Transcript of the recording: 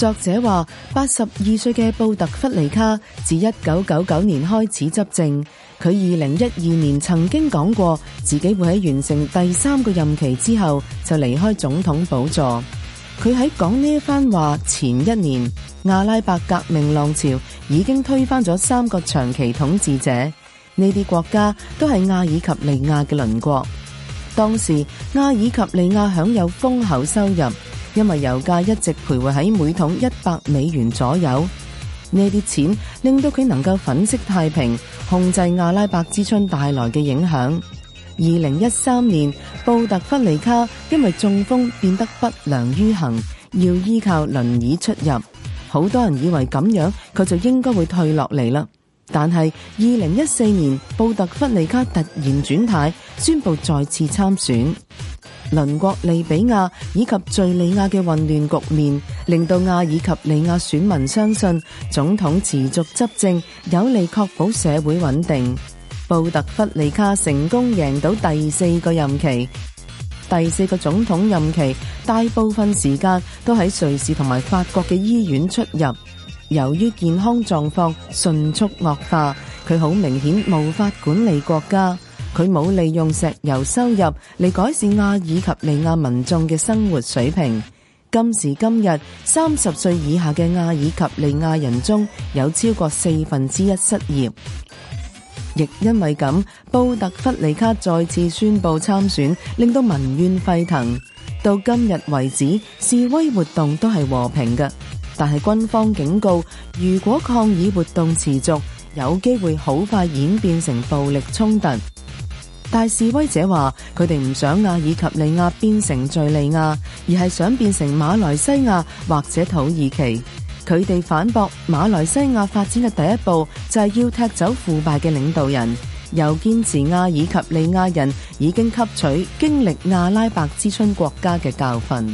作者話：八十二歲嘅布特弗利卡自一九九九年開始執政，佢二零一二年曾經講過自己會喺完成第三個任期之後就離開總統寶座。佢喺講呢一番話前一年，阿拉伯革命浪潮已經推翻咗三個長期統治者，呢啲國家都係阿爾及利亞嘅鄰國。當時阿爾及利亞享有豐厚收入。因為油價一直徘徊喺每桶一百美元左右，呢啲錢令到佢能夠粉飾太平，控制阿拉伯之春帶來嘅影響。二零一三年，布特弗利卡因為中風變得不良於行，要依靠輪椅出入。好多人以為咁樣佢就應該會退落嚟啦，但係二零一四年，布特弗利卡突然轉態，宣布再次參選。鄰國利比亞以及敘利亞嘅混亂局面，令到阿爾及利亞選民相信總統持續執政有利確保社會穩定。布特弗利卡成功贏到第四個任期，第四個總統任期大部分時間都喺瑞士同埋法國嘅醫院出入，由於健康狀況迅速惡化，佢好明顯無法管理國家。佢冇利用石油收入嚟改善阿爾及利亞民眾嘅生活水平。今時今日，三十歲以下嘅阿爾及利亞人中有超過四分之一失業，亦因為咁，布特弗利卡再次宣布參選，令到民怨沸騰。到今日為止，示威活動都係和平嘅，但係軍方警告，如果抗議活動持續，有機會好快演變成暴力衝突。大示威者話：佢哋唔想阿爾及利亞變成敍利亞，而係想變成馬來西亞或者土耳其。佢哋反駁馬來西亞發展嘅第一步就係要踢走腐敗嘅領導人，又堅持阿爾及利亞人已經吸取經歷阿拉伯之春國家嘅教訓。